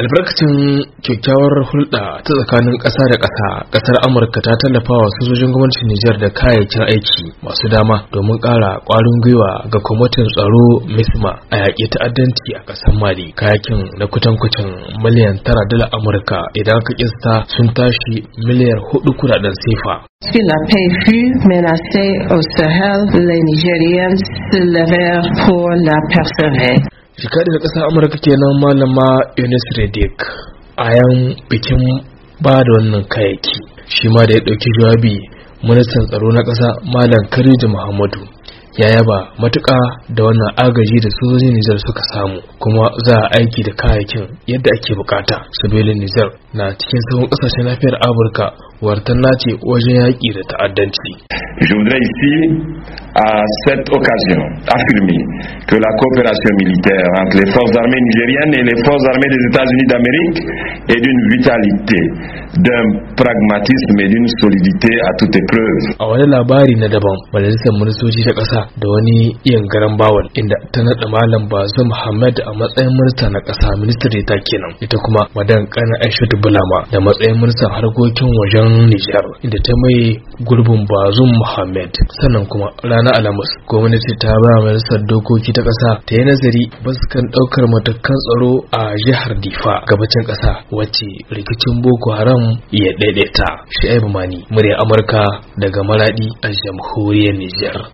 albarkacin kyakkyawar hulɗa ta tsakanin ƙasa da ƙasa ƙasar amurka ta tallafa wa sojojin gwamnatin nijar da kayayyakin aiki masu dama domin ƙara ƙwarin gwiwa ga kwamitin tsaro misma a yaƙi ta'addanci a ƙasar mali kayakin na kutankucin miliyan tara dala amurka idan aka kista sun tashi miliyar hudu kudaden sefa Qu'il shika daga ƙasar amurka kenan malama yunus redick a yan bikin ba da wannan kayaki shi ma da ya ɗauki jawabi ministan tsaro na ƙasa malam kariji muhammadu ya yaba matuƙa da wannan agaji da sojojin Nijar suka samu kuma za a aiki da kayayyakin yadda ake bukata. Sabilin Nijar na cikin sauran ƙasashen lafiyar Afirka wartan nace wajen yaƙi da ta'addanci. à cette occasion affirmé que la coopération militaire entre les forces armées nigériennes et les forces armées des États-Unis d'Amérique est d'une vitalité, d'un pragmatisme et d'une solidité à toute épreuve. A wani labari na daban, majalisar ministoci ta kasa da wani iyan garan bawal inda ta naɗa malam Bazum Muhammad a matsayin minista na ƙasa ministar ta kenan, ita kuma madan kana Aisha Bulama da matsayin ministan harkokin wajen Niger inda ta mai gurbin Bazum Muhammad sannan kuma ranar na alamus gwamnati ta ba majalisar dokoki ta ƙasa ta yi nazari su kan ɗaukar matakan tsaro a jihar difa gabacin ƙasa wacce rikicin boko haram ya daidaita shi'aibu mani murya amurka daga maradi a jamhuriyar nijar